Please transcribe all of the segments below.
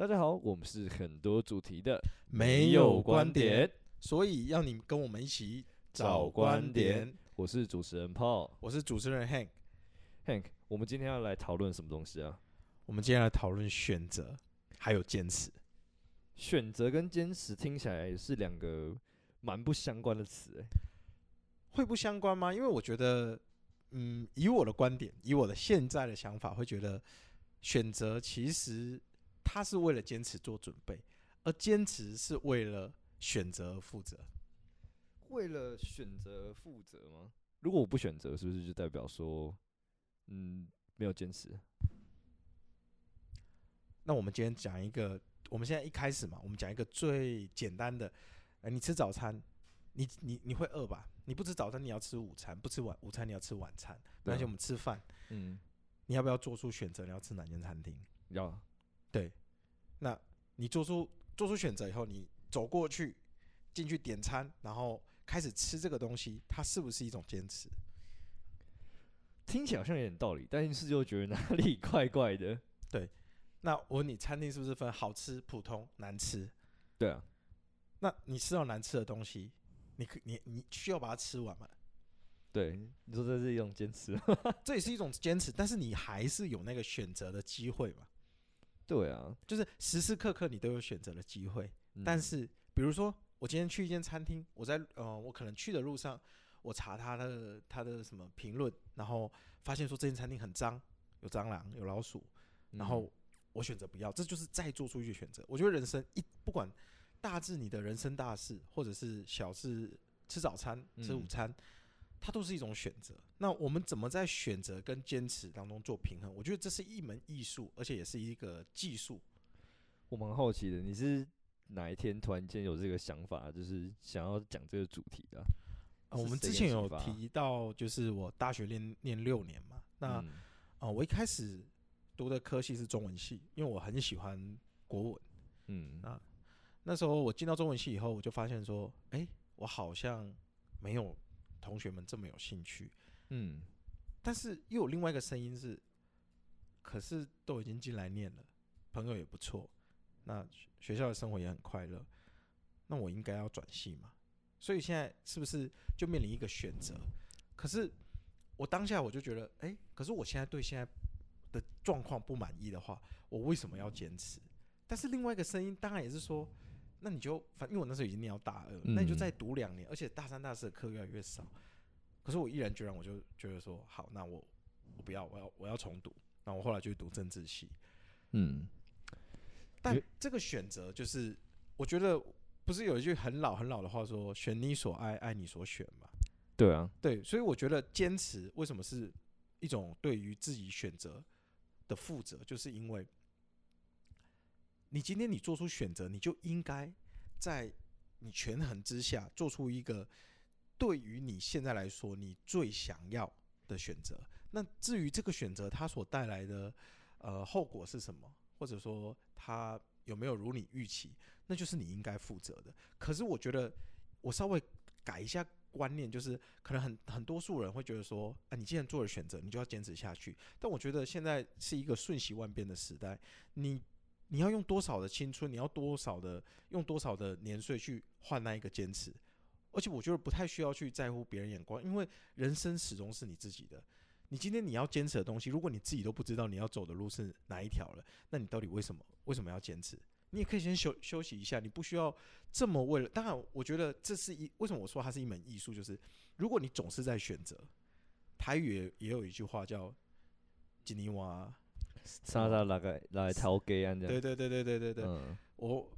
大家好，我們是很多主題的沒有,沒有觀點，所以要你跟我們一起找觀點。觀點，我是主持人 Paul，我是主持人 Hank，Hank，Hank, 我們今天要來討論什麼東西啊？我們今天來討論選擇還有堅持。選擇跟堅持聽起來也是兩個蠻不相關的詞，會不相關嗎？因為我覺得，嗯，以我的觀點，以我的現在的想法，會覺得選擇其實。他是為了堅持做準備，而堅持是為了選擇負責，為了選擇負責嗎？如果我不選擇，是不是就代表說，嗯，沒有堅持？那我們今天講一個，我們現在一開始嘛，我們講一個最簡單的，哎、呃，你吃早餐，你你你，你會餓吧？你不吃早餐，你要吃午餐，不吃晚午餐你要吃晚餐，而且、啊、我們吃飯，嗯，你要不要做出選擇？你要吃哪間餐廳？要，對。那你做出做出選擇以後，你走過去進去點餐，然後開始吃這個東西，它是不是一種堅持？聽起來好像有點道理，但是就覺得哪裡怪怪的。對，那我問你餐廳是不是分好吃、普通、難吃？對啊。那你吃到難吃的東西，你你你需要把它吃完嗎？對，你說這是一種堅持， 這也是一種堅持，但是你還是有那個選擇的機會嘛？對啊，就是時時刻刻你都有選擇的機會，嗯。但是，比如說我今天去一間餐廳，我在呃，我可能去的路上，我查他的他的什麼評論，然後發現說這間餐廳很髒，有蟑螂，有老鼠，然後我選擇不要，這就是在做出一些選擇。我覺得人生一不管，大至你的人生大事，或者是小至，吃早餐，吃午餐。嗯它都是一種選擇。那我們怎麼在選擇跟堅持當中做平衡？我覺得這是一門藝術，而且也是一個技術。我蠻好奇的，你是哪一天突然間有這個想法，就是想要講這個主題的、啊？我們之前有提到，就是我大學念念六年嘛。那啊、嗯呃，我一開始讀的科系是中文系，因為我很喜歡國文。嗯、啊、那時候我進到中文系以後，我就發現說，哎、欸，我好像沒有。同學們這麼有興趣，嗯，但是又有另外一個聲音是，可是都已經進來念了，朋友也不錯，那學校的生活也很快樂，那我應該要轉系嘛？所以現在是不是就面臨一個選擇？可是我當下我就覺得，欸，可是我現在對現在的狀況不滿意的話，我為什麼要堅持？但是另外一個聲音當然也是說。那你就，因為我那時候已經念到大二，那你就再讀兩年、嗯，而且大三、大四的課越來越少。可是我毅然決然，我就覺得說，好，那我我不要，我要，我要重讀。那我後來就去讀政治系，嗯。但這個選擇，就是我覺得不是有一句很老很老的話說“選你所愛，愛你所選”嘛？對啊，對，所以我覺得堅持為什麼是一種對於自己選擇的負責，就是因為。你今天你做出選擇，你就應該在你權衡之下做出一個對於你現在來說你最想要的選擇。那至於這個選擇它所帶來的呃後果是什麼？或者說它有沒有如你預期，那就是你應該負責的。可是我覺得我稍微改一下觀念，就是可能很很多數人會覺得說，啊，你既然做了選擇，你就要堅持下去。但我覺得現在是一個瞬息萬變的時代，你。你要用多少的青春？你要多少的用多少的年歲去換那一個堅持？而且我覺得不太需要去在乎別人眼光，因為人生始終是你自己的。你今天你要堅持的東西，如果你自己都不知道你要走的路是哪一條了，那你到底為什麼為什麼要堅持？你也可以先休休息一下，你不需要這麼為了。當然，我覺得這是一為什麼我說它是一門藝術，就是如果你總是在選擇，台語也，也有一句話叫“吉尼娃”。沙沙那個頭家安這，對對對對對對對，嗯、我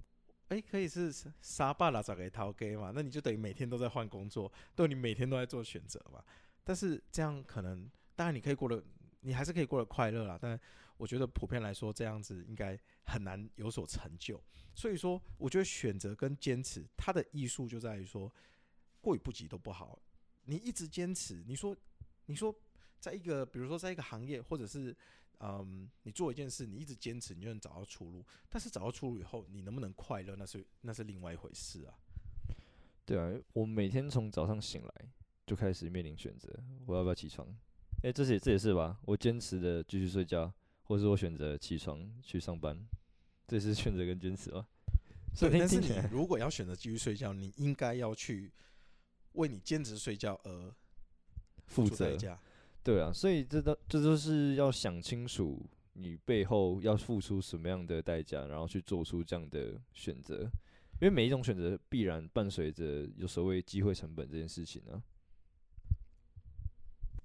哎、欸、可以是三百六十個頭家嘛，那你就等於每天都在換工作，對，你每天都在做選擇嘛。但是這樣可能，當然你可以過得，你還是可以過得快樂啦。但我覺得普遍來說，這樣子應該很難有所成就。所以說，我覺得選擇跟堅持，它的藝術就在於說，過與不及都不好。你一直堅持，你說，你說，在一個比如說，在一個行業或者是。嗯、um，你做一件事，你一直堅持，你就能找到出路。但是找到出路以後，你能不能快樂，那是那是另外一回事啊。對啊，我每天從早上醒來就開始面臨選擇，我要不要起床？哎，這是這也是吧？我堅持的繼續睡覺，或是我選擇起床去上班，這是選擇跟堅持吧？所以， 但是你如果要選擇繼續睡覺，你應該要去為你堅持睡覺而負責。對啊，所以這都這都是要想清楚，你背後要付出什麼樣的代價，然後去做出這樣的選擇，因為每一種選擇必然伴隨着有所謂機會成本這件事情呢，啊。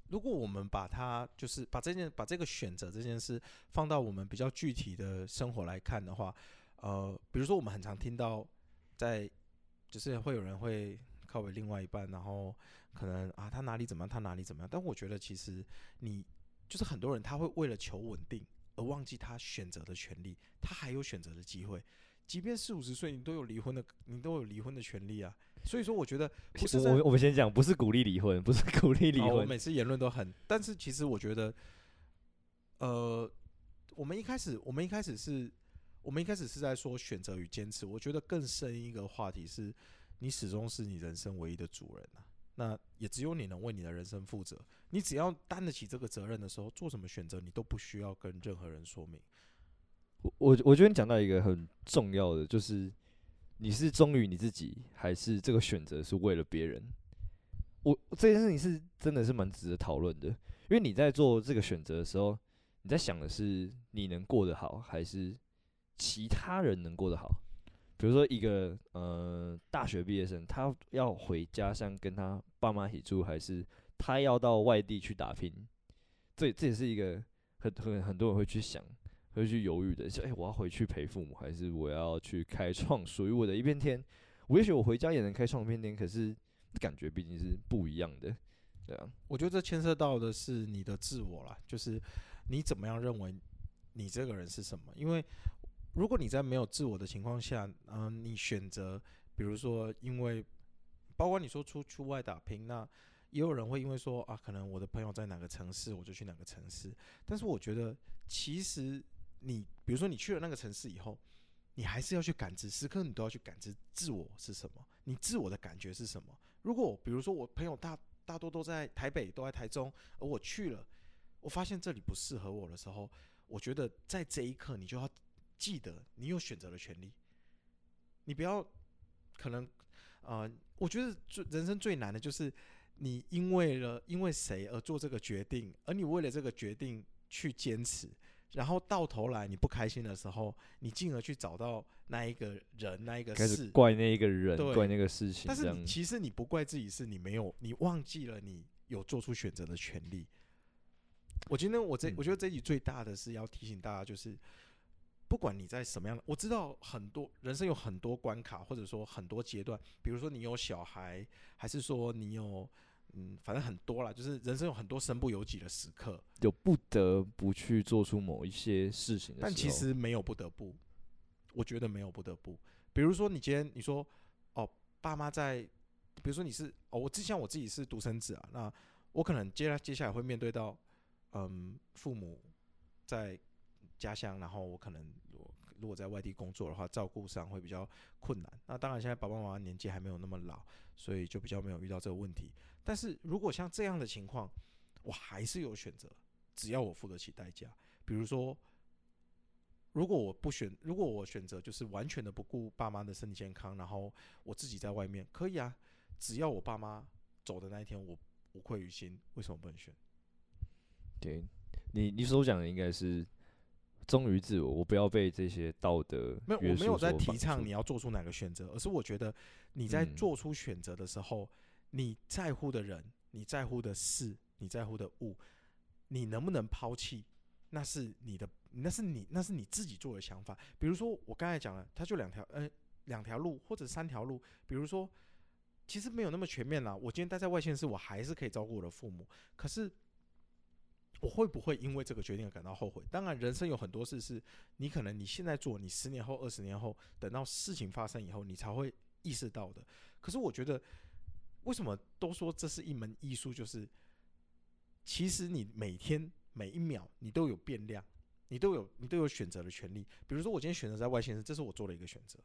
如果我們把它就是把這件把這個選擇這件事放到我們比較具體的生活來看的話，呃，比如說我們很常聽到在，在就是會有人會靠為另外一半，然後。可能啊，他哪裡怎麼樣，他哪裡怎麼樣。但我覺得，其實你就是很多人，他會為了求穩定而忘記他選擇的權利。他還有選擇的機會，即便四五十歲，你都有離婚的，你都有離婚的權利啊。所以說，我覺得不是。我我們先講，不是鼓勵離婚，不是鼓勵離婚，哦。我每次言論都很，但是其實我覺得，呃，我們一開始，我們一開始是，我們一開始是在說選擇與堅持。我覺得更深一個話題是，你始終是你人生唯一的主人啊。那也只有你能為你的人生負責。你只要擔得起這個責任的時候，做什麼選擇你都不需要跟任何人說明。我我我覺得你講到一個很重要的，就是你是忠於你自己，還是這個選擇是為了別人？我這件事情是真的是蠻值得討論的，因為你在做這個選擇的時候，你在想的是你能過得好，還是其他人能過得好？比如說一個呃大學畢業生，他要回家鄉跟他爸媽一起住，還是他要到外地去打拼？這這也是一個很很很多人會去想，會去猶豫的。就誒、欸，我要回去陪父母，還是我要去開創屬於我的一片天？我也許我回家也能開創一片天，可是感覺畢竟是不一樣的，對啊。我覺得這牽涉到的是你的自我啦。就是你怎麼樣認為你這個人是什麼？因為。如果你在沒有自我的情況下，嗯，你選擇，比如說，因為包括你說出去外打拼，那也有人會因為說啊，可能我的朋友在哪個城市，我就去哪個城市。但是我覺得，其實你，比如說你去了那個城市以後，你還是要去感知，時刻你都要去感知自我是什麼，你自我的感覺是什麼。如果比如說我朋友大大多都在台北，都在台中，而我去了，我發現這裡不適合我的時候，我覺得在這一刻你就要。記得你有選擇的權利，你不要可能啊、呃。我覺得最人生最難的就是你因為了因為誰而做這個決定，而你為了這個決定去堅持，然後到頭來你不開心的時候，你進而去找到那一個人、那一個事，怪那一個人對，怪那個事情。但是你其實你不怪自己，是你沒有你忘記了你有做出選擇的權利。我今天我這、嗯、我覺得這裡最大的是要提醒大家就是。不管你在什麼樣的，我知道很多人生有很多關卡，或者說很多階段，比如說你有小孩，還是說你有，嗯，反正很多啦，就是人生有很多身不由己的時刻，就不得不去做出某一些事情，但其實沒有不得不，我覺得沒有不得不。比如說你今天你說，哦，爸媽在，比如說你是哦，我之前我自己是獨生子啊，那我可能接接下來會面對到，嗯，父母在。家鄉，然後我可能，如果在外地工作的話，照顧上會比較困難。那當然，現在爸爸媽媽年紀還沒有那麼老，所以就比較沒有遇到這個問題。但是如果像這樣的情況，我還是有選擇，只要我付得起代價。比如說，如果我不選，如果我選擇就是完全的不顧爸媽的身體健康，然後我自己在外面，可以啊，只要我爸媽走的那一天，我無愧於心，為什麼不能選？對，你，你所講的應該是。忠於自我，我不要被這些道德沒有，我沒有在提倡你要做出哪個選擇，而是我覺得你在做出選擇的時候、嗯，你在乎的人，你在乎的事，你在乎的物，你能不能拋棄，那是你的，那是你，那是你自己做的想法。比如說我剛才講了，他就兩條，嗯、呃，兩條路或者三條路。比如說，其實沒有那麼全面啦。我今天待在外縣市，我還是可以照顧我的父母，可是，我會不會因為這個決定而感到後悔？當然，人生有很多事是你可能你現在做，你十年後、二十年後，等到事情發生以後，你才會意識到的。可是，我覺得為什麼都說這是一門藝術？就是其實你每天每一秒，你都有變量，你都有你都有選擇的權利。比如說，我今天選擇在外縣市，這是我做的一個選擇。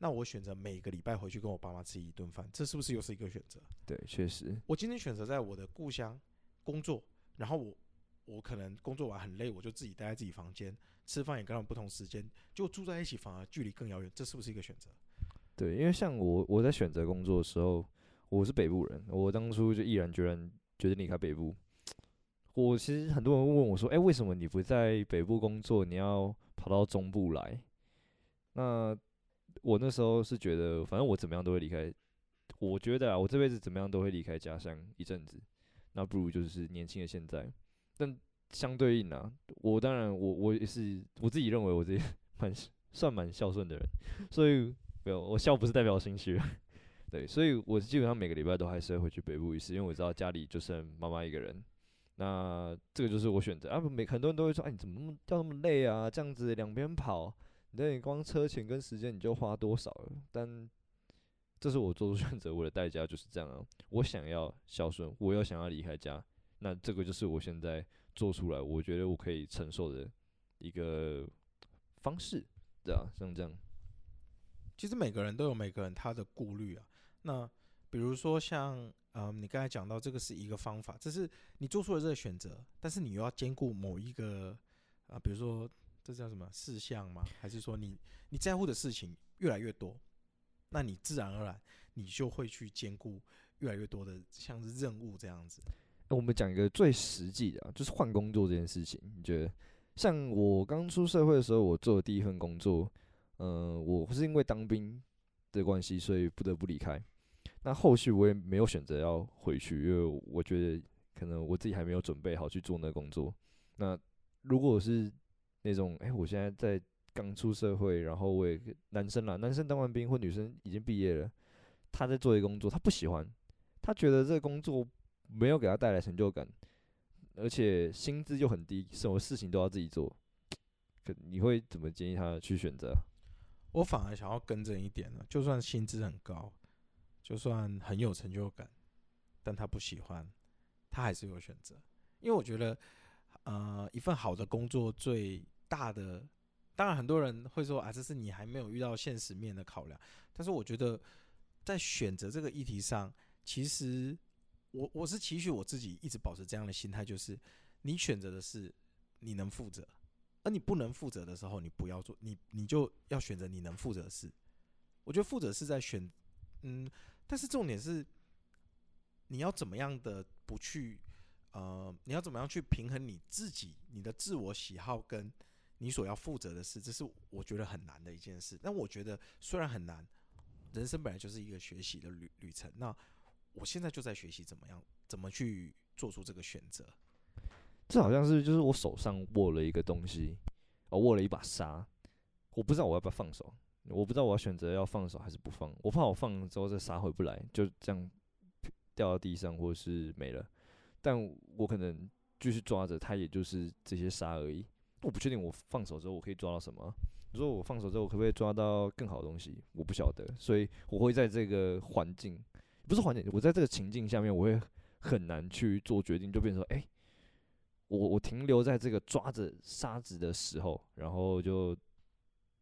那我選擇每個禮拜回去跟我爸媽吃一頓飯，這是不是又是一個選擇？對，確實，嗯。我今天選擇在我的故鄉工作，然後我。我可能工作完很累，我就自己待在自己房間，吃飯也跟他們不同時間，就住在一起反而距離更遙遠，這是不是一個選擇？對，因為像我，我在選擇工作的時候，我是北部人，我當初就毅然決然決定離開北部。我其實很多人問我說，欸，為什麼你不在北部工作，你要跑到中部來？那我那時候是覺得，反正我怎麼樣都會離開，我覺得啊，我這輩子怎麼樣都會離開家鄉一陣子，那不如就是年輕的現在。但相對應啊，我當然我我也是我自己認為我自己蠻算蠻孝順的人，所以沒有，我孝不是代表心虛，對，所以我基本上每個禮拜都還是會回去北部一次，因為我知道家裡就剩媽媽一個人，那這個就是我選擇啊。每很多人都會說，哎，你怎麼那麼掉那麼累啊？這樣子兩邊跑，你，你光車錢跟時間你就花多少了？但這是我做出選擇，我的代價就是這樣啊。我想要孝順，我又想要離開家。那這個就是我現在做出來，我覺得我可以承受的一個方式，對啊。像這樣，其實每個人都有每個人他的顧慮啊。那比如說像，嗯，你剛才講到這個是一個方法，這是你做出了這個選擇，但是你又要兼顧某一個啊，比如說這叫什麼事項嗎？還是說你你在乎的事情越來越多，那你自然而然你就會去兼顧越來越多的，像是任務這樣子。那、呃、我們講一個最實際的，啊，就是換工作這件事情。你覺得，像我剛出社會的時候，我做的第一份工作，嗯、呃，我是因為當兵的關係，所以不得不離開。那後續我也沒有選擇要回去，因為我覺得可能我自己還沒有準備好去做那個工作。那如果是那種，哎、欸，我現在在剛出社會，然後我也男生啦，男生當完兵或女生已經畢業了，他在做一個工作，他不喜歡，他覺得這個工作。沒有給他帶來成就感，而且薪資又很低，什麼事情都要自己做。可你會怎麼建議他去選擇？我反而想要更正一點了，就算薪資很高，就算很有成就感，但他不喜歡，他還是有選擇。因為我覺得，呃，一份好的工作最大的，當然很多人會說啊，這是你還沒有遇到現實面的考量。但是我覺得，在選擇這個議題上，其實。我我是期許我自己一直保持這樣的心態，就是你選擇的事你能負責，而你不能負責的時候，你不要做，你你就要選擇你能負責的事。我覺得負責是在選，嗯，但是重點是你要怎麼樣的不去，呃，你要怎麼樣去平衡你自己、你的自我喜好跟你所要負責的事，這是我覺得很難的一件事。但我覺得雖然很難，人生本來就是一個學習的旅旅程。那我現在就在學習怎麼樣，怎麼去做出這個選擇。這好像是就是我手上握了一個東西，啊、哦、握了一把沙，我不知道我要不要放手，我不知道我要選擇要放手還是不放。我怕我放了之後這沙回不來，就這樣掉到地上或者是沒了。但我可能繼續抓着它，也就是這些沙而已。我不確定我放手之後我可以抓到什麼。如果我放手之後我可不可以抓到更好的東西？我不曉得，所以我會在這個環境。不是緩解，我在這個情境下面，我會很難去做決定，就變成說，誒、欸，我我停留在這個抓着沙子的時候，然後就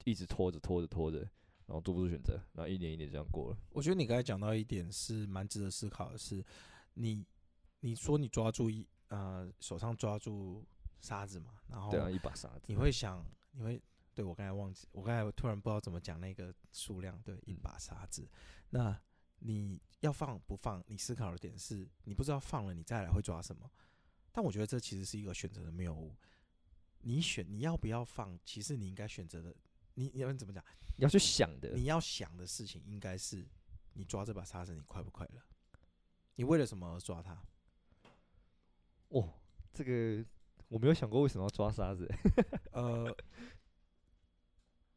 一直拖着拖着拖着，然後做不出選擇，然後一年一年這樣過了。我覺得你剛才講到一點是蠻值得思考的，是，你你說你抓住一啊、呃，手上抓住沙子嘛，然後對啊，一把沙子，你會想，你會，對，我剛才忘記，我剛才我突然不知道怎麼講那個數量，對，一把沙子，嗯、那。你要放不放？你思考的點是你不知道放了你再來會抓什麼，但我覺得這其實是一個選擇的謬誤。你選你要不要放？其實你應該選擇的，你你要怎麼講？你要去想的，你要想的事情應該是你抓這把沙子，你快不快樂？你為了什麼而抓它？哦，這個我沒有想過為什麼要抓沙子。 呃，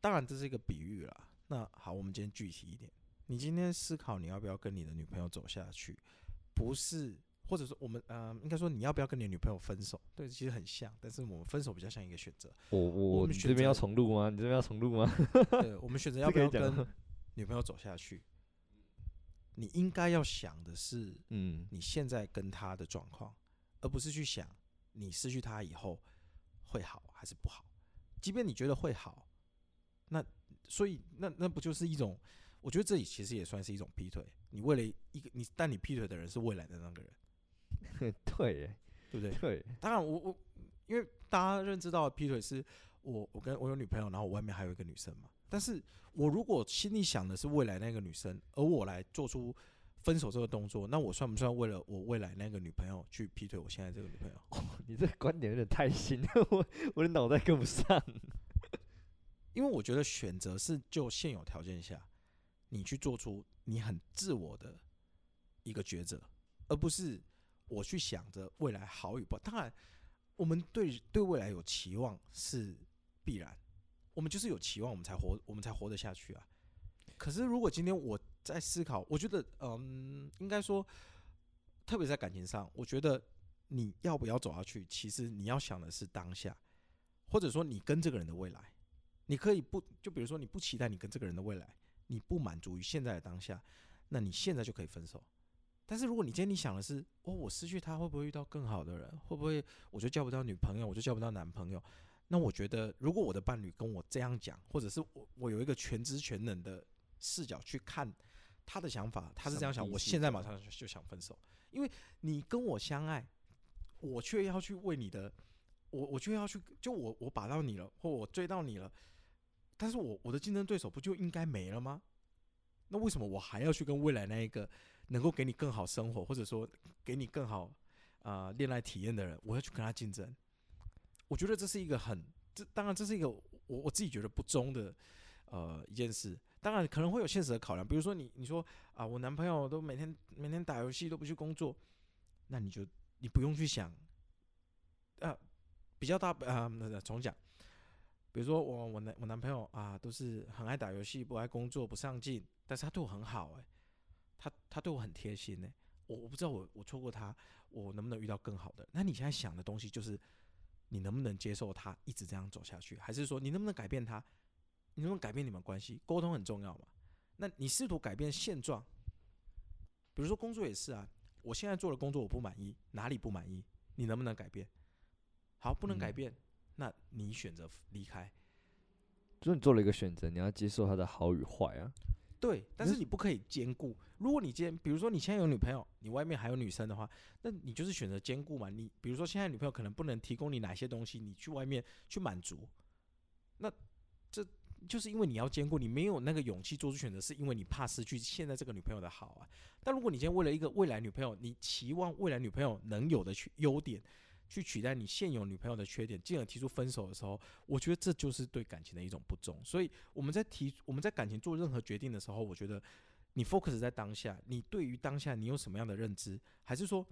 當然這是一個比喻了。那好，我們今天具體一點。你今天思考你要不要跟你的女朋友走下去，不是或者說我們呃，應該說你要不要跟你的女朋友分手？對，其實很像，但是我們分手比較像一個選擇。Oh, oh, 我我你這邊要重錄嗎？你這邊要重錄嗎？ 對，我們選擇要不要跟女朋友走下去？你應該要想的是，嗯，你現在跟她的狀況，嗯，而不是去想你失去她以後會好還是不好。即便你覺得會好，那所以那那不就是一種？我覺得這裡其實也算是一種劈腿，你為了一個你，但你劈腿的人是未來的那個人， 對，對不對？對，當然我我因為大家認知到劈腿是我我跟我有女朋友，然後我外面還有一個女生嘛。但是我如果心裡想的是未來那個女生，而我來做出分手這個動作，那我算不算為了我未來那個女朋友去劈腿，我現在這個女朋友。哦？你這個觀點有點太新，我我的腦袋跟不上。 因為我覺得選擇是就現有條件下。你去做出你很自我的一個抉擇，而不是我去想着未來好與不。當然，我們對對未來有期望是必然，我們就是有期望，我們才活，我們才活得下去啊。可是，如果今天我在思考，我覺得，嗯，應該說，特別在感情上，我覺得你要不要走下去，其實你要想的是當下，或者說你跟這個人的未來，你可以不，就比如說你不期待你跟這個人的未來。你不滿足於現在的當下，那你現在就可以分手。但是如果你今天你想的是哦，我失去他會不會遇到更好的人？會不會我就交不到女朋友，我就交不到男朋友？那我覺得，如果我的伴侶跟我這樣講，或者是我我有一個全知全能的視角去看他的想法，他是這樣想，我現在馬上就，就想分手，因為你跟我相愛，我卻要去為你的，我我卻要去，就我我把到你了，或我追到你了。但是我我的競爭對手不就應該沒了嗎？那為什麼我還要去跟未來那一個能夠給你更好生活，或者說給你更好啊呃、戀愛體驗的人，我要去跟他競爭？我覺得這是一個很，這當然這是一個我我自己覺得不忠的呃一件事。當然可能會有現實的考量，比如說你你說啊、呃，我男朋友都每天每天打遊戲都不去工作，那你就你不用去想，呃，比較大呃重講。比如說我我男我男朋友啊都是很愛打遊戲，不愛工作不上進，但是他對我很好哎、欸，他他對我很貼心哎、欸，我我不知道我我錯過他，我能不能遇到更好的？那你現在想的東西就是你能不能接受他一直這樣走下去，還是說你能不能改變他？你能不能改變你們關係？溝通很重要嘛。那你試圖改變現狀，比如說工作也是啊，我現在做的工作我不滿意，哪裡不滿意？你能不能改變？好，不能改變。嗯那你選擇離開，就是你做了一個選擇，你要接受他的好與壞啊。對，但是你不可以兼顧。如果你今天，比如說你現在有女朋友，你外面還有女生的話，那你就是選擇兼顧嘛。你比如說現在女朋友可能不能提供你哪些東西，你去外面去滿足。那這就是因為你要兼顧，你沒有那個勇氣做出選擇，是因為你怕失去現在這個女朋友的好啊。但如果你今天為了一個未來女朋友，你期望未來女朋友能有的去優點。去取代你現有女朋友的缺點，進而提出分手的時候，我覺得這就是對感情的一種不忠。所以我們在提我們在感情做任何決定的時候，我覺得你 focus 在當下，你對於當下你有什麼樣的認知？還是說，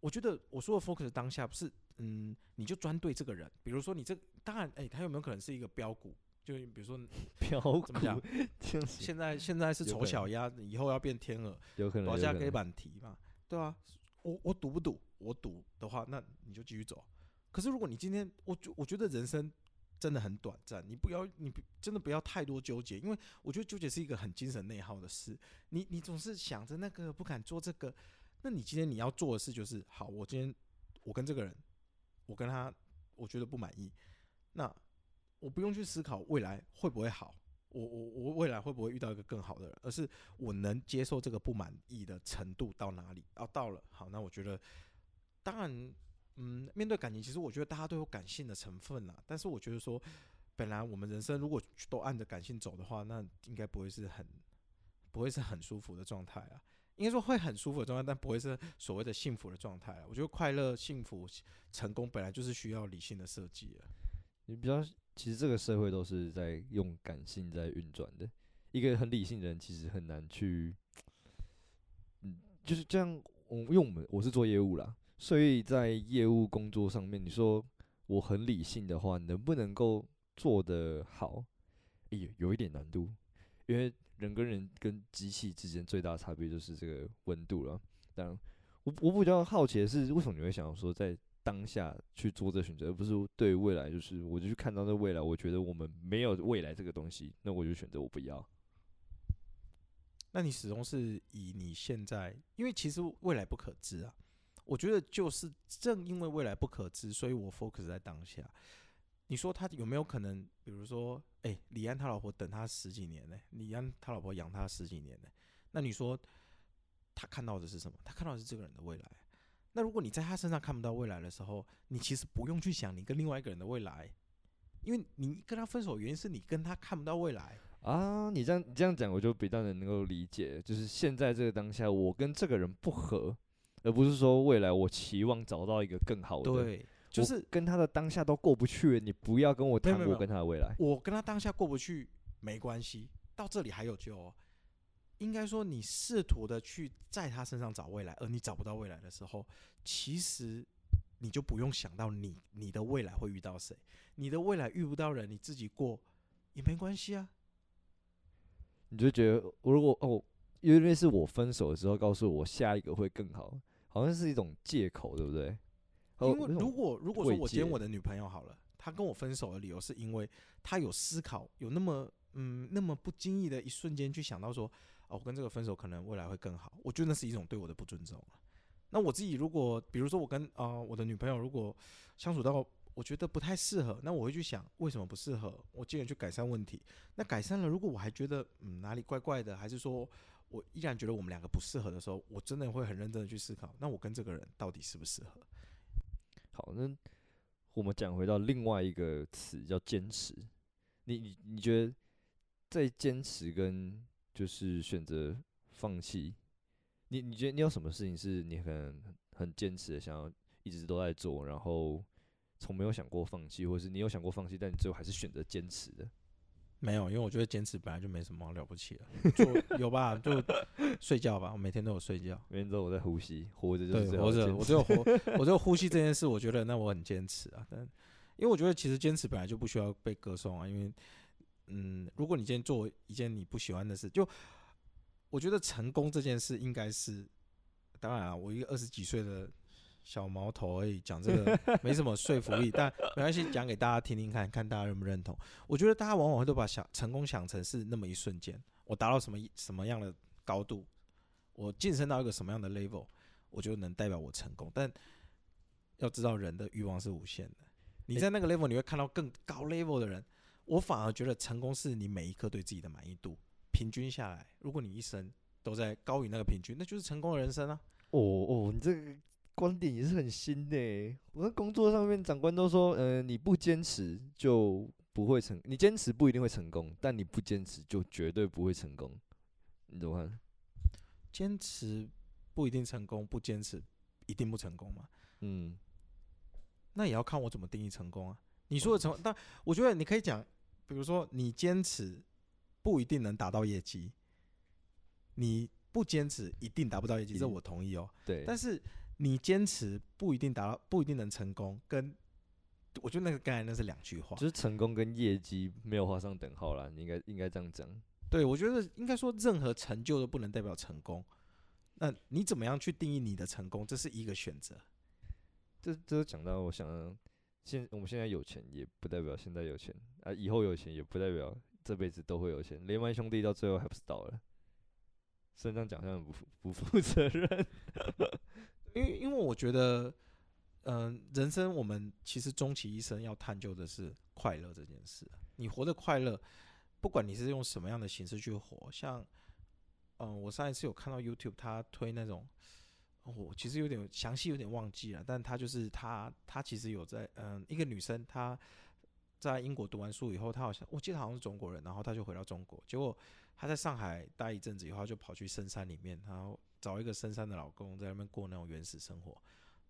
我覺得我說的 focus 當下不是嗯，你就專對這個人？比如說你這當然，哎、欸，他有沒有可能是一個飆股？就比如說飆股怎麼講？現在現在是醜小鴨，以後要變天鵝，有可能老家給以提嘛？對啊，我我賭不賭？我賭的話，那你就繼續走。可是如果你今天，我我覺得人生真的很短暫，你不要，你真的不要太多糾結，因為我覺得糾結是一個很精神內耗的事。你你總是想着那個不敢做這個，那你今天你要做的事就是，好，我今天我跟這個人，我跟他我覺得不滿意，那我不用去思考未來會不會好，我我我未來會不會遇到一個更好的人，而是我能接受這個不滿意的程度到哪裡？啊？到了，好，那我覺得。當然，嗯，面對感情，其實我覺得大家都有感性的成分吶、啊。但是我覺得說，本來我們人生如果都按着感性走的話，那應該不會是很，不會是很舒服的狀態啊。應該說會很舒服的狀態，但不會是所謂的幸福的狀態、啊。我覺得快樂、幸福、成功，本來就是需要理性的設計啊。你比較，其實這個社會都是在用感性在運轉的。一個很理性的人，其實很難去，嗯，就是這樣。我因為我們我是做業務啦。所以在業務工作上面，你說我很理性的話，能不能夠做得好，有、哎呀、有一點難度，因為人跟人跟機器之間最大差別就是這個溫度了。當然，我我比較好奇的是，為什麼你會想要說在當下去做這選擇，而不是對未來，就是我就去看到那未來，我覺得我們沒有未來這個東西，那我就選擇我不要。那你始終是以你現在，因為其實未來不可知啊。我覺得就是正因為未來不可知，所以我 focus 在當下。你說他有沒有可能，比如說，哎、欸，李安他老婆等他十幾年呢、欸？李安他老婆養他十幾年呢、欸？那你說他看到的是什麼？他看到的是這個人的未來。那如果你在他身上看不到未來的時候，你其實不用去想你跟另外一個人的未來，因為你跟他分手的原因是你跟他看不到未來啊。你這樣你這樣講，我就比較能夠理解，就是現在這個當下，我跟這個人不合。而不是說未來我期望找到一個更好的，對，就是跟他的當下都過不去，你不要跟我談我跟他的未來，沒有沒有沒有。我跟他當下過不去沒關係，到這裡還有救哦。應該說你試圖的去在他身上找未來，而你找不到未來的時候，其實你就不用想到你你的未來會遇到誰，你的未來遇不到人，你自己過也沒關係啊。你就覺得我如果哦，因為那是我分手的時候告訴我下一個會更好。好像是一種借口，對不對？因為如果如果說我接我的女朋友好了，她跟我分手的理由是因為她有思考，有那麼嗯那麼不經意的一瞬間去想到說，哦，我跟這個分手可能未來會更好，我覺得那是一種對我的不尊重。那我自己如果比如說我跟啊、呃、我的女朋友如果相處到我覺得不太適合，那我會去想為什麼不適合，我進而去改善問題。那改善了，如果我還覺得嗯哪裡怪怪的，還是說，我依然覺得我們兩個不適合的時候，我真的會很認真的去思考，那我跟這個人到底適不適合？好，那我們講回到另外一個詞叫堅持。你你你覺得在堅持跟就是選擇放棄，你你覺得你有什麼事情是你很很堅持的想要一直都在做，然後從沒有想過放棄，或者是你有想過放棄，但你最後還是選擇堅持的？沒有，因為我覺得堅持本來就沒什麼了不起了。就有吧，就睡覺吧， 我每天都有睡覺。每天都有我在呼吸，活着就是活着，我只有活，我只有呼吸這件事，我覺得那我很堅持啊。但因為我覺得其實堅持本來就不需要被歌頌啊。因為，嗯，如果你今天做一件你不喜歡的事，就我覺得成功這件事應該是，當然啊，我一個二十幾歲的。小毛頭而已，講這個沒什麼說服力， 但沒關係，講給大家聽聽看，看大家認不認同。我覺得大家往往會都把想成功想成是那麼一瞬間，我達到什麼什麼樣的高度，我晉升到一個什麼樣的 level，我就能代表我成功。但要知道人的欲望是無限的，你在那個 level 你會看到更高 level 的人，我反而覺得成功是你每一刻對自己的滿意度，平均下來，如果你一生都在高於那個平均，那就是成功的人生啊！哦哦，你這個。觀點也是很新的，欸。我在工作上面，長官都說：“嗯、呃，你不堅持就不會成功；你堅持不一定會成功，但你不堅持就絕對不會成功。”你怎麼看？堅持不一定成功，不堅持一定不成功嘛？嗯，那也要看我怎麼定義成功啊。你說的成功，功、嗯，但我覺得你可以講，比如說你堅持不一定能達到業績，你不堅持一定達不到業績，這我同意哦。對，但是。你堅持不一定達到，不一定能成功，跟我覺得那個剛才那是兩句話。就是成功跟業績沒有畫上等號了，你應該應該這樣講，對，我覺得應該說任何成就都不能代表成功。那你怎麼樣去定義你的成功，這是一個選擇。這這講到我想，現我們現在有錢也不代表現在有錢啊，以後有錢也不代表這輩子都會有錢。雷曼兄弟到最後還不是倒了，這樣講像不不負責任。 因為，因為我覺得，嗯、呃，人生我們其實終其一生要探究的是快樂這件事，啊。你活得快樂，不管你是用什麼樣的形式去活，像，嗯、呃，我上一次有看到 YouTube，他推那種，我、哦、其實有點詳細，有點忘記了，但他就是他，他其實有在，嗯、呃，一個女生，她在英國讀完書以後，她好像我記得好像是中國人，然後她就回到中國，結果她在上海待一陣子以後，她就跑去深山裡面，然後，找一個深山的老公，在那邊過那種原始生活，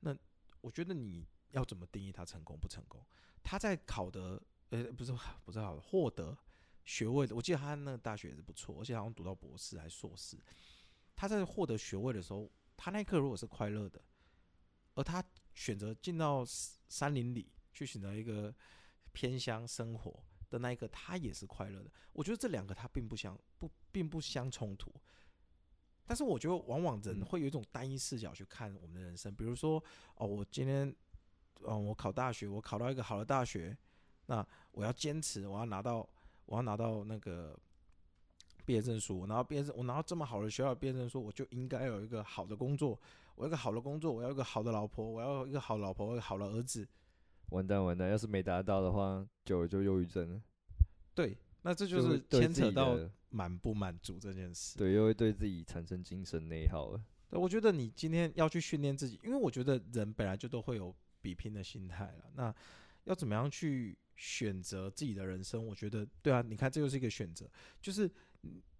那我覺得你要怎麼定義他成功不成功？他在考的呃、欸、不是不是考獲得學位的，我記得他那個大學也是不錯，而且好像讀到博士還碩士。他在獲得學位的時候，他那一刻如果是快樂的，而他選擇進到山林裡去選擇一個偏鄉生活的那一刻，他也是快樂的。我覺得這兩個他並不相不並不相衝突。但是我覺得，往往人會有一種單一視角去看我們的人生。比如說，哦，我今天，嗯，我考大學，我考到一個好的大學，那我要堅持，我要拿到，我要拿到那個畢業證書，我拿到畢業證，我拿到這麼好的學校畢業證書，說我就應該有一個好的工作，我有個好的工作，我要一個好的老婆，我要有一個好老婆，一個好的老婆，一個好的兒子。完蛋完蛋，要是沒達到的話，就就憂鬱症了。對。那這就是牽扯到滿不滿足這件事，對，又會對自己產生精神內耗了。對，我覺得你今天要去訓練自己，因為我覺得人本來就都會有比拼的心態了。那要怎麼樣去選擇自己的人生？我覺得，對啊，你看，這就是一個選擇，就是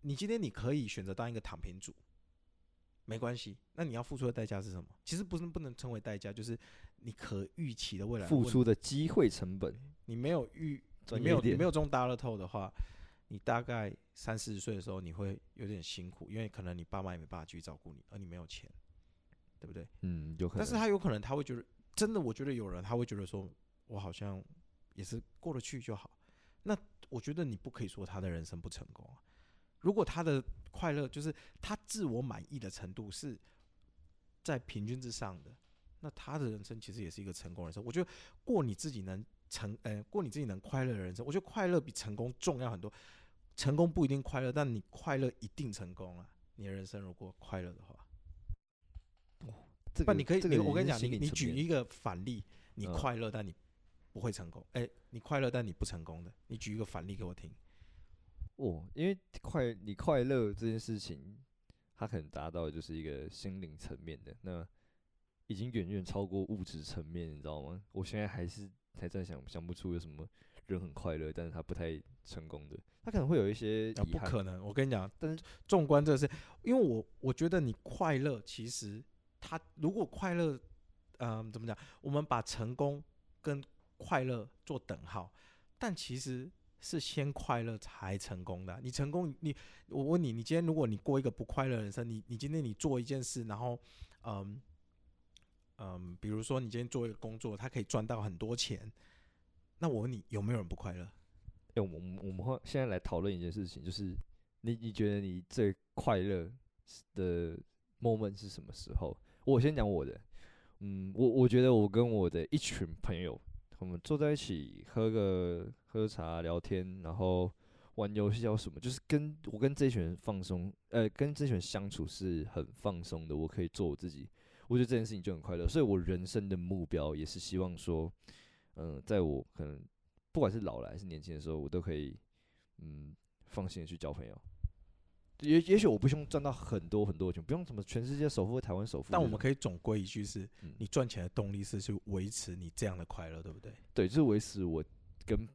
你今天你可以選擇當一個躺平主，沒關係。那你要付出的代價是什麼？其實不是不能稱為代價，就是你可預期的未來付出的機會成本，你沒有預。你沒有你沒有中大樂透的話，你大概三四十歲的時候，你會有點辛苦，因為可能你爸媽也沒辦法去照顧你，而你沒有錢，對不對？嗯，有可能。但是他有可能他會覺得，真的，我覺得有人他會覺得說，我好像也是過得去就好。那我覺得你不可以說他的人生不成功啊。如果他的快樂就是他自我滿意的程度是在平均之上的，那他的人生其實也是一個成功人生。我覺得過你自己能。成，呃、欸，過你自己能快樂的人生，我覺得快樂比成功重要很多。成功不一定快樂，但你快樂一定成功啊。你的人生如果快樂的話，哦、這個，不，那你可以，我跟你講，你你舉一個反例，你快樂、嗯、但你不會成功，哎、欸，你快樂但你不成功的，你舉一個反例給我聽。哦，因為快，你快樂這件事情，它可能達到的就是一個心靈層面的，那已經遠遠超過物質層面，你知道嗎？我現在還是。才在想，想不出有什麼人很快樂，但是他不太成功的，他可能會有一些遺憾、啊、不可能，我跟你講，但是縱觀這個事，因為我我覺得你快樂，其實他如果快樂，嗯、呃，怎麼講？我們把成功跟快樂做等號，但其實是先快樂才成功的、啊。你成功，你我問你，你今天如果你過一個不快樂的人生，你你今天你做一件事，然後嗯。呃嗯，比如說你今天做一個工作，他可以賺到很多錢，那我問你有沒有人不快樂？哎、欸，我們我們會現在來討論一件事情，就是你你覺得你最快樂的 moment 是什麼時候？我先講我的，嗯，我我覺得我跟我的一群朋友，我們坐在一起喝個喝個茶聊天，然後玩遊戲叫什麼？就是跟我跟這群人放鬆，呃，跟這群人相處是很放鬆的，我可以做我自己。我覺得這件事情就很快樂，所以我人生的目標也是希望說，嗯、呃，在我可能不管是老了還是年輕的時候，我都可以嗯放心的去交朋友。也也許我不用賺到很多很多錢，不用什麼全世界首富、台灣首富，但我們可以總歸一句是，嗯、你賺錢的動力是去維持你這樣的快樂，對不對？對，就是維持我跟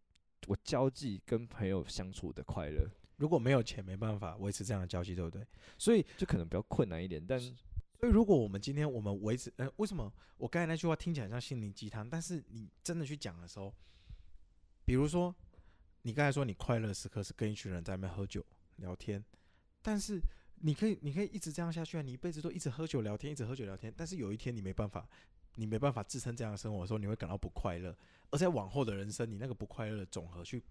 我交際、跟朋友相處的快樂。如果沒有錢，沒辦法維持這樣的交際，對不對？所以就可能比較困難一點，但。是所以，如果我們今天我們維持，呃，為什麼我剛才那句話聽起來像心靈雞湯？但是你真的去講的時候，比如說你剛才說你快樂時刻是跟一群人在外面喝酒聊天，但是你可以，你可以一直這樣下去啊，你一輩子都一直喝酒聊天，一直喝酒聊天。但是有一天你沒辦法，你沒辦法支撐這樣的生活的時候，你會感到不快樂，而在往後的人生，你那個不快樂的總和去，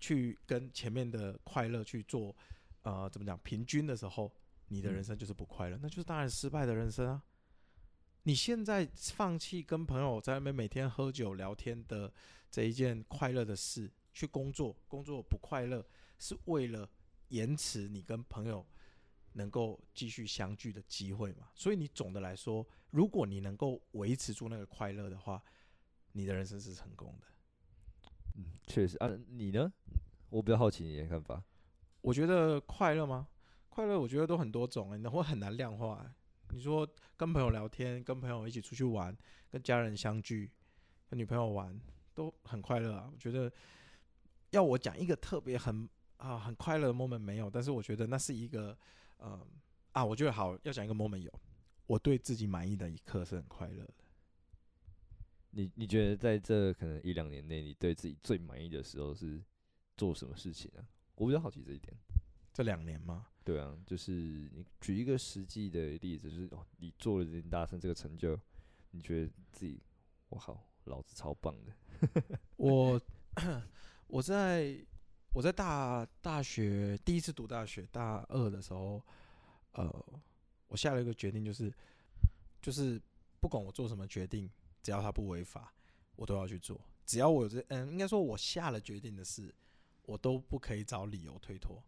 去跟前面的快樂去做，呃，怎麼講，平均的時候。你的人生就是不快樂，嗯，那就是當然失敗的人生啊！你現在放棄跟朋友在外面每天喝酒聊天的這一件快樂的事，去工作，工作不快樂，是為了延遲你跟朋友能夠繼續相聚的機會嘛？所以你總的來說，如果你能夠維持住那個快樂的話，你的人生是成功的。嗯，確實。啊，你呢？我比較好奇你的看法。我覺得快樂嗎？快樂我覺得都很多種、欸，誒，那會很難量化，欸。你說跟朋友聊天，跟朋友一起出去玩，跟家人相聚，跟女朋友玩，都很快樂啊。我覺得要我講一個特別很啊、呃、很快樂的 moment 沒有，但是我覺得那是一個，嗯、呃、啊，我覺得好要講一個 moment 有，我對自己滿意的一刻是很快樂的。你你覺得在這可能一兩年內，你對自己最滿意的時候是做什麼事情啊？我比較好奇這一點。這兩年嗎？對啊，就是你舉一個實際的例子，就是你做了人大生這個成就，你覺得自己我好，老子超棒的。 我我在我在大大學第一次讀大學大二的時候，呃，我下了一個決定，就是就是不管我做什麼決定，只要它不違法，我都要去做。只要我有這嗯、呃，應該說我下了決定的事，我都不可以找理由推脫。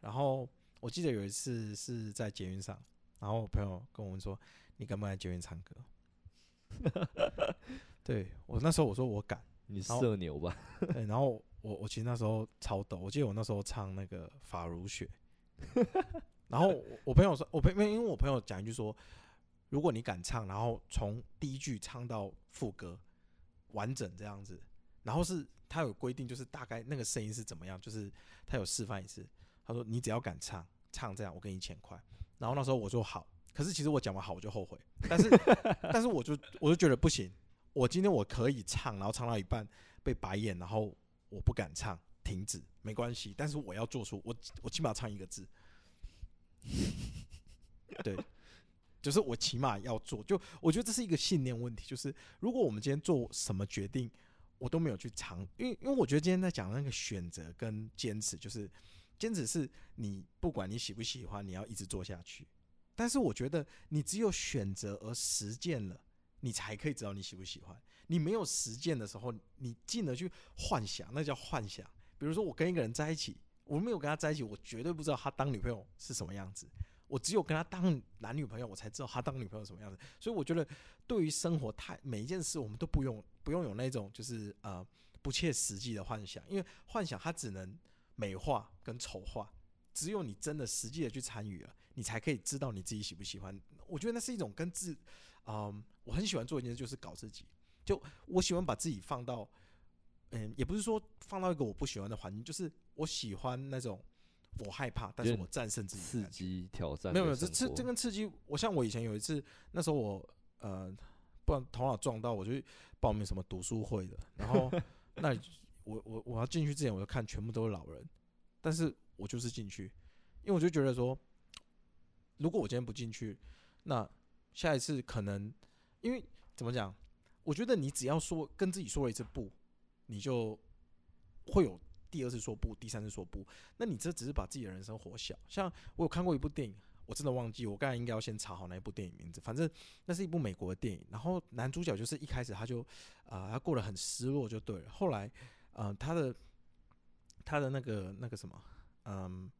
然後。我記得有一次是在捷運上，然後我朋友跟我們說：“你敢不敢來捷運唱歌？” 對我那時候我說我敢，你社牛吧？然後我我其實那時候超抖，我記得我那時候唱那個《髮如雪，》 然後我朋友說：“我朋友因為我朋友講一句說，如果你敢唱，然後從第一句唱到副歌完整這樣子，然後是他有規定，就是大概那個聲音是怎麼樣，就是他有示範一次，他說你只要敢唱。”唱這樣，我給你一千塊。然後那時候我說好，可是其實我講完好我就後悔。但是， 但是我就我就覺得不行。我今天我可以唱，然後唱到一半被白眼，然後我不敢唱，停止，沒關係。但是我要做出，我我起碼要唱一個字。 對，就是我起碼要做。就我覺得這是一個信念問題。就是如果我們今天做什麼決定，我都沒有去嘗，因為因為我覺得今天在講那個選擇跟堅持，就是。堅持是你不管你喜不喜歡，你要一直做下去。但是我覺得你只有選擇而實踐了，你才可以知道你喜不喜歡。你沒有實踐的時候，你進而去幻想，那叫幻想。比如說我跟一個人在一起，我沒有跟他在一起，我絕對不知道他當女朋友是什麼樣子。我只有跟他當男女朋友，我才知道他當女朋友是什麼樣子。所以我覺得，對於生活太每一件事，我們都不用不用有那種就是呃不切實際的幻想，因為幻想它只能。美化跟醜化，只有你真的實際的去參與了，你才可以知道你自己喜不喜歡。我覺得那是一種跟自，嗯，我很喜歡做一件事，就是搞自己。就我喜歡把自己放到，嗯，也不是說放到一個我不喜歡的環境，就是我喜歡那種我害怕，但是我戰勝自己，刺激挑戰沒。沒有沒有，這刺這跟刺激，我像我以前有一次，那時候我呃，不然頭腦撞到，我就去報名什麼讀書會的，嗯、然後那。 我我我要進去之前，我就看全部都是老人，但是我就是進去，因為我就覺得說，如果我今天不進去，那下一次可能，因為怎麼講？我覺得你只要說跟自己說了一次不，你就會有第二次說不，第三次說不，那你這只是把自己的人生活小。像我有看過一部電影，我真的忘記我剛才應該要先查好那一部電影名字，反正那是一部美國的電影，然後男主角就是一開始他就啊、呃，他過得很失落就對了，後來。嗯、呃，他的他的那個那個什麼，嗯、呃，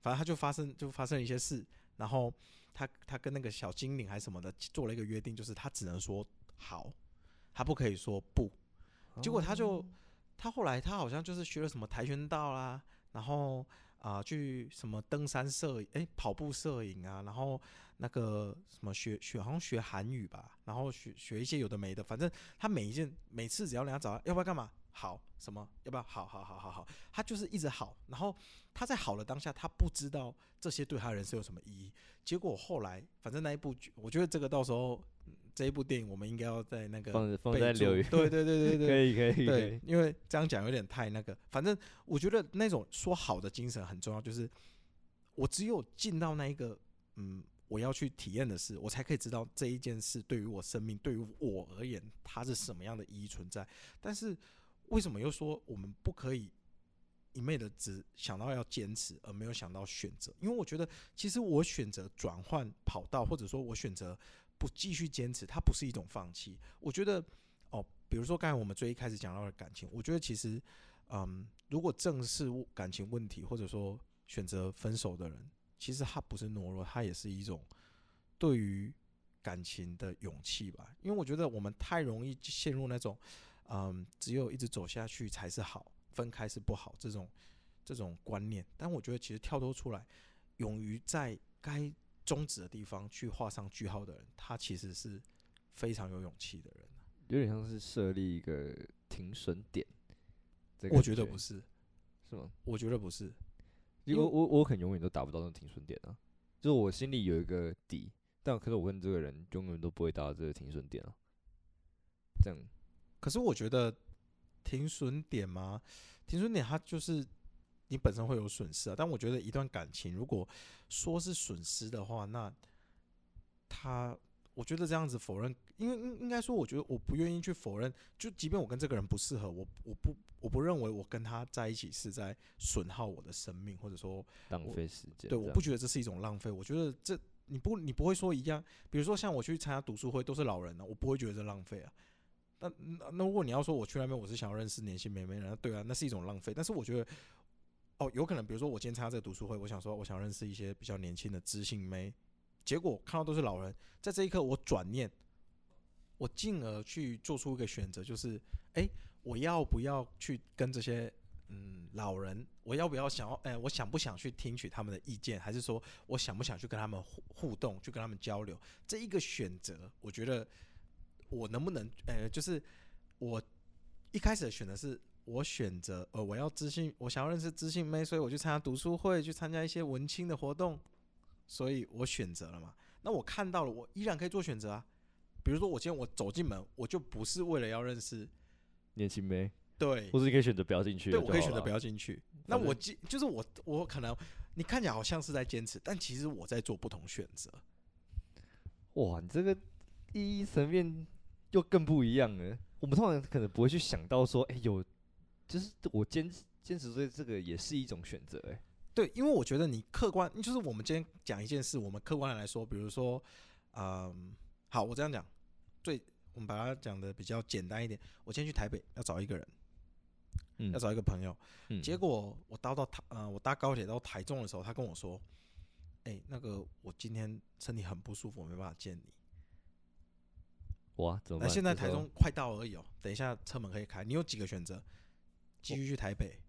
反正他就發生就發生了一些事，然後他他跟那個小精靈還是什麼的做了一個約定，就是他只能說好，他不可以說不。結果他就、Oh. 他後來他好像就是學了什麼跆拳道啦、啊，然後啊、呃、去什麼登山攝影，哎、欸、跑步攝影啊，然後那個什麼學學好像學韓語吧，然後學學一些有的沒的，反正他每一件每次只要人家找他，要不要幹嘛？好什麼？要不要？好好好好好，他就是一直好。然後他在好的當下，他不知道這些對他人生有什麼意義。結果後來，反正那一部劇，我覺得這個到時候、嗯、這一部電影，我們應該要在那個放，放在留言。對對對對對， 可以可以。對，可以，因為這樣講有點太那個。反正我覺得那種說好的精神很重要，就是我只有進到那一個，嗯，我要去體驗的事，我才可以知道這一件事對於我生命，對於我而言，它是什麼樣的意義存在。但是。為什麼又說我們不可以一昧的只想到要堅持，而沒有想到選擇？因為我覺得，其實我選擇轉換跑道，或者說我選擇不繼續堅持，它不是一種放棄。我覺得，哦，比如說剛才我們最一開始講到的感情，我覺得其實，嗯，如果正視感情問題，或者說選擇分手的人，其實他不是懦弱，他也是一種對於感情的勇氣吧。因為我覺得我們太容易陷入那種。嗯，um，只有一直走下去才是好，分開是不好。這種這種觀念，但我覺得其實跳脫出來，勇於在該終止的地方去畫上句號的人，他其實是非常有勇氣的人啊。有點像是設立一個停損點，這個，我覺得不是，是嗎？我覺得不是，因為我我，我可能永遠都達不到那個停損點啊。就是我心裡有一個底，但可是我跟這個人永遠都不會達到這個停損點啊。這樣。可是我覺得停損點嗎？停損點，它就是你本身會有損失啊。但我覺得一段感情，如果說是損失的話，那他，我覺得這樣子否認，因為應應該說，我覺得我不願意去否認。就即便我跟這個人不適合，我我不我不認為我跟他在一起是在損耗我的生命，或者說浪費時間。對，我不覺得這是一種浪費。我覺得這你不你不會說一樣，比如說像我去參加讀書會，都是老人了啊，我不會覺得這浪費啊。那那那，那如果你要說我去那邊，我是想要認識年輕美眉，那對啊，那是一種浪費。但是我覺得，哦，有可能，比如說我今天參加這個讀書會，我想說，我想認識一些比較年輕的知性妹。結果看到都是老人，在這一刻，我轉念，我進而去做出一個選擇，就是，哎、欸，我要不要去跟這些嗯老人？我要不要想要？哎、欸，我想不想去聽取他們的意見？還是說，我想不想去跟他們互互動，去跟他們交流？這一個選擇，我覺得。我能不能？呃，就是我一開始的選擇是，我選擇呃，我要知性，我想要認識知性妹，所以我去參加讀書會，去參加一些文青的活動，所以我選擇了嘛。那我看到了，我依然可以做選擇啊。比如說，我今天我走進門，我就不是為了要認識年輕妹，對，我是可以選擇不要進去。對，我可以選擇不要進去。那我進，就是我我可能你看起來好像是在堅持，但其實我在做不同選擇。哇，你這個一層面。又更不一樣了。我們通常可能不會去想到說，哎、欸，有，就是我堅堅持對這個也是一種選擇，哎，對，因為我覺得你客觀，就是我們今天講一件事，我們客觀的來說，比如說，嗯、呃，好，我這樣講，最，我們把它講的比較簡單一點，我先去台北要找一個人，嗯、要找一個朋友，嗯、結果我搭到台、呃，我搭高鐵到台中的時候，他跟我說，哎、欸，那個我今天身體很不舒服，我沒辦法見你。那現在台中快到而已哦，等一下車門可以開。你有幾個選擇？繼續去台北，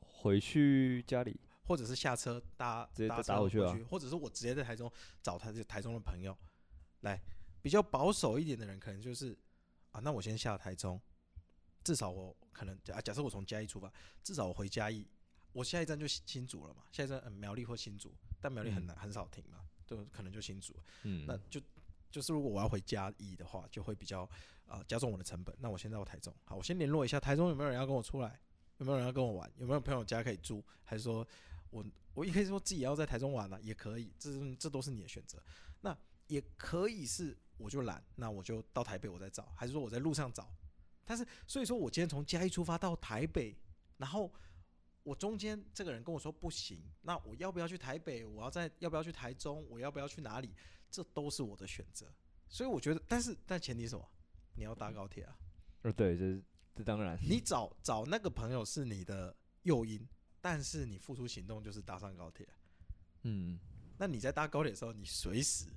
回去家裡，或者是下車搭直接搭回去，或者是我直接在台中找他的台中的朋友來。比較保守一點的人，可能就是啊，那我先下台中，至少我可能假、啊、假設我從嘉義出發，至少我回嘉義，我下一站就新竹了嘛，下一站、嗯、苗栗或新竹，但苗栗很難、嗯、很少停嘛，就可能就新竹，嗯，那就。就是如果我要回嘉義的話，就會比較啊、呃、加重我的成本。那我先到台中，好，我先聯絡一下台中有沒有人要跟我出來，有沒有人要跟我玩，有沒有朋友家可以住，還是說我我也可以說自己要在台中玩了、啊、也可以，這是這都是你的選擇。那也可以是我就懶，那我就到台北我再找，還是說我在路上找。但是所以說我今天從嘉義出發到台北，然後，我中間這個人跟我說不行，那我要不要去台北？我要在要不要去台中？我要不要去哪裡？這都是我的選擇。所以我覺得，但是但前提是什麼？你要搭高鐵啊！呃、哦，對，這這當然是。你找找那個朋友是你的誘因，但是你付出行動就是搭上高鐵。嗯。那你在搭高鐵的時候，你隨時，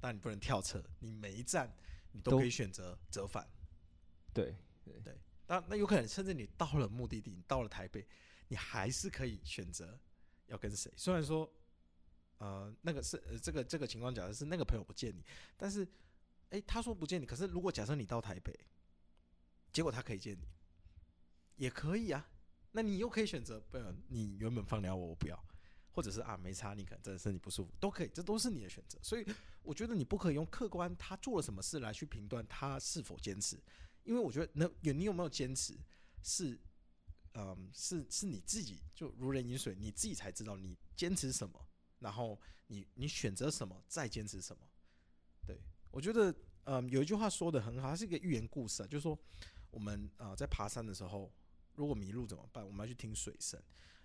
但你不能跳車，你每一站你都可以選擇折返。對對對。那那有可能甚至你到了目的地，你到了台北。你還是可以選擇要跟誰，雖然說，呃，那個是、呃、這個這個情況，假設是那個朋友不見你，但是，哎、欸，他說不見你，可是如果假設你到台北，結果他可以見你，也可以啊，那你又可以選擇，呃，你原本放掉我，我不要，或者是啊，沒差，你可能真的身體不舒服，都可以，這都是你的選擇。所以我覺得你不可以用客觀他做了什麼事來去評斷他是否堅持，因為我覺得能有你有沒有堅持是。嗯，是是，你自己就如人飲水，你自己才知道你堅持什麼，然後你你選擇什麼，再堅持什麼。對。我覺得，嗯，有一句話說得很好，它是一個寓言故事啊，就是說，我們啊、呃、在爬山的時候，如果迷路怎麼辦？我們要去聽水聲，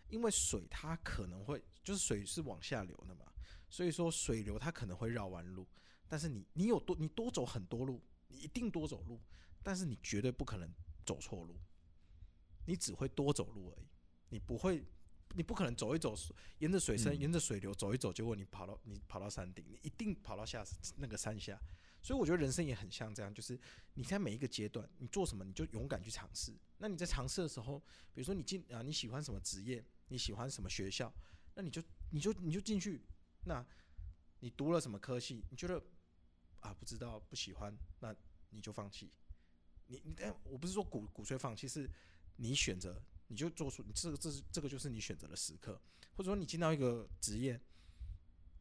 因為水它可能會，就是水是往下流的嘛，所以說水流它可能會繞彎路，但是你你有多你多走很多路，你一定多走路，但是你絕對不可能走錯路。你只會多走路而已，你不會，你不可能走一走，沿着水深，嗯、沿着水流走一走，結果你跑到你跑到山頂，你一定跑到下那個山下。所以我覺得人生也很像這樣，就是你在每一個階段，你做什麼你就勇敢去嘗試。那你在嘗試的時候，比如說你進啊你喜歡什麼職業，你喜歡什麼學校，那你就你就你就進去。那你讀了什麼科系，你覺得啊不知道不喜歡，那你就放棄。你你但、欸、我不是說鼓鼓吹放棄是。你選擇，你就做出，這個這是這個就是你選擇的時刻，或者說你進到一個職業，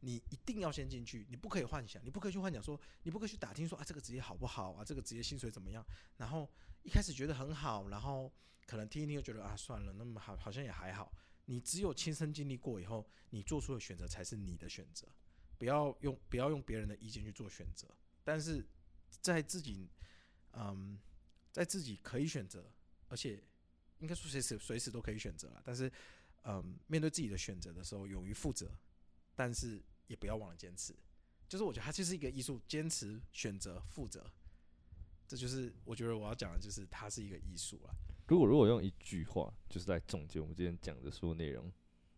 你一定要先進去，你不可以幻想，你不可以去幻想說，你不可以去打聽說啊這個職業好不好啊，這個職業薪水怎麼樣？然後一開始覺得很好，然後可能聽一聽又覺得啊算了，那麼好好像也還好。你只有親身經歷過以後，你做出的選擇才是你的選擇，不要用不要用別人的意見去做選擇。但是在自己，嗯，在自己可以選擇，而且。應該說隨時隨時都可以選擇了，但是，嗯，面對自己的選擇的時候，勇於負責，但是也不要忘了堅持。就是我覺得它就是一個藝術，堅持、選擇、負責，這就是我覺得我要講的，就是它是一個藝術了。如果如果用一句話，就是來總結我們今天講的所有內容，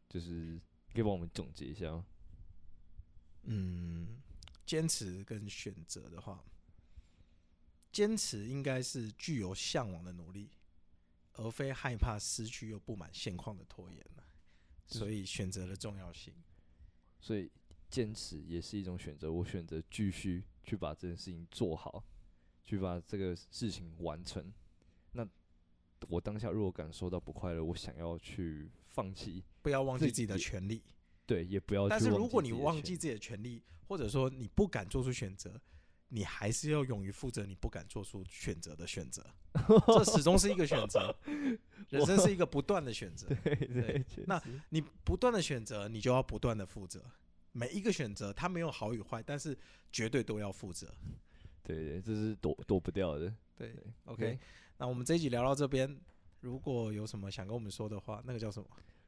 就是可以幫我們總結一下嗎？嗯，堅持跟選擇的話，堅持應該是具有嚮往的努力，而非害怕失去又不滿現況的拖延啊，所以選擇的重要性，所以堅持也是一種選擇。我選擇繼續去把這件事情做好，去把這個事情完成。那我當下如果感受到不快樂，我想要去放棄，不要忘記自己的權利，對，也不要。但是如果你忘記自己的權利，或者說你不敢做出選擇。你還是要勇於負責，你不敢做出選擇的選擇，這始終是一個選擇。人生是一個不斷的選擇。對，那你不斷的選擇，你就要不斷的負責。每一個選擇它沒有好與壞，但是絕對都要負責。對對，這是躲躲不掉的。對，嗯，OK，那我們這一集聊到這邊，如果有什麼想跟我們說的話，那個叫什麼？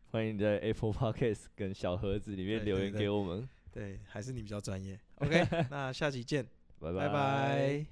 歡迎在 Apple Podcast 跟小盒子裡面留言給我們。對，對，對，還是你比較專業。OK，那下集見。拜拜。